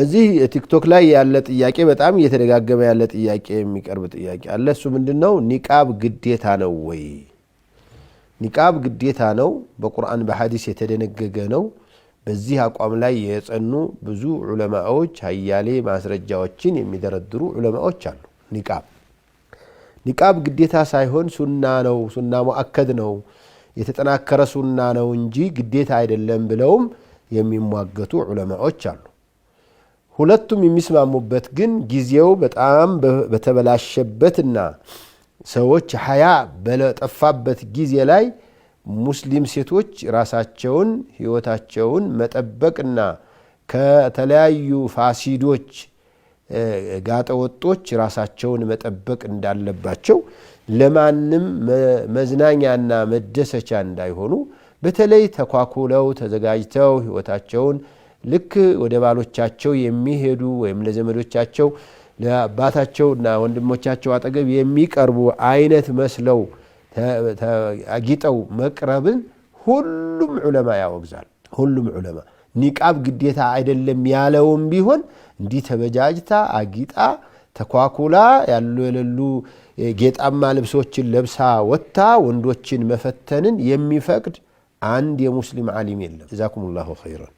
እዚህ ቲክቶክ ላይ ያለ ጥያቄ በጣም እየተደጋገመ ያለ ጥያቄ የሚቀርብ ጥያቄ አለ። እሱ ምንድን ነው? ኒቃብ ግዴታ ነው ወይ? ኒቃብ ግዴታ ነው፣ በቁርአን በሐዲስ የተደነገገ ነው። በዚህ አቋም ላይ የጸኑ ብዙ ዑለማዎች ሀያሌ ማስረጃዎችን የሚደረድሩ ዑለማዎች አሉ። ኒቃብ ኒቃብ ግዴታ ሳይሆን ሱና ነው፣ ሱና ሙአከድ ነው፣ የተጠናከረ ሱና ነው እንጂ ግዴታ አይደለም ብለውም የሚሟገቱ ዑለማዎች አሉ። ሁለቱም የሚስማሙበት ግን ጊዜው በጣም በተበላሸበትና ሰዎች ሀያ በለጠፋበት ጊዜ ላይ ሙስሊም ሴቶች ራሳቸውን ህይወታቸውን መጠበቅና ከተለያዩ ፋሲዶች ጋጠወጦች ራሳቸውን መጠበቅ እንዳለባቸው ለማንም መዝናኛና መደሰቻ እንዳይሆኑ በተለይ ተኳኩለው ተዘጋጅተው ህይወታቸውን ልክ ወደ ባሎቻቸው የሚሄዱ ወይም ለዘመዶቻቸው ለአባታቸውና ወንድሞቻቸው አጠገብ የሚቀርቡ አይነት መስለው አጊጠው መቅረብን ሁሉም ዑለማ ያወግዛል። ሁሉም ዑለማ ኒቃብ ግዴታ አይደለም ያለውም ቢሆን እንዲህ ተበጃጅታ አጊጣ ተኳኩላ ያሉ የሌሉ ጌጣማ ልብሶችን ለብሳ ወጥታ ወንዶችን መፈተንን የሚፈቅድ አንድ የሙስሊም ዓሊም የለም። ጀዛኩም ላሁ ኸይረን።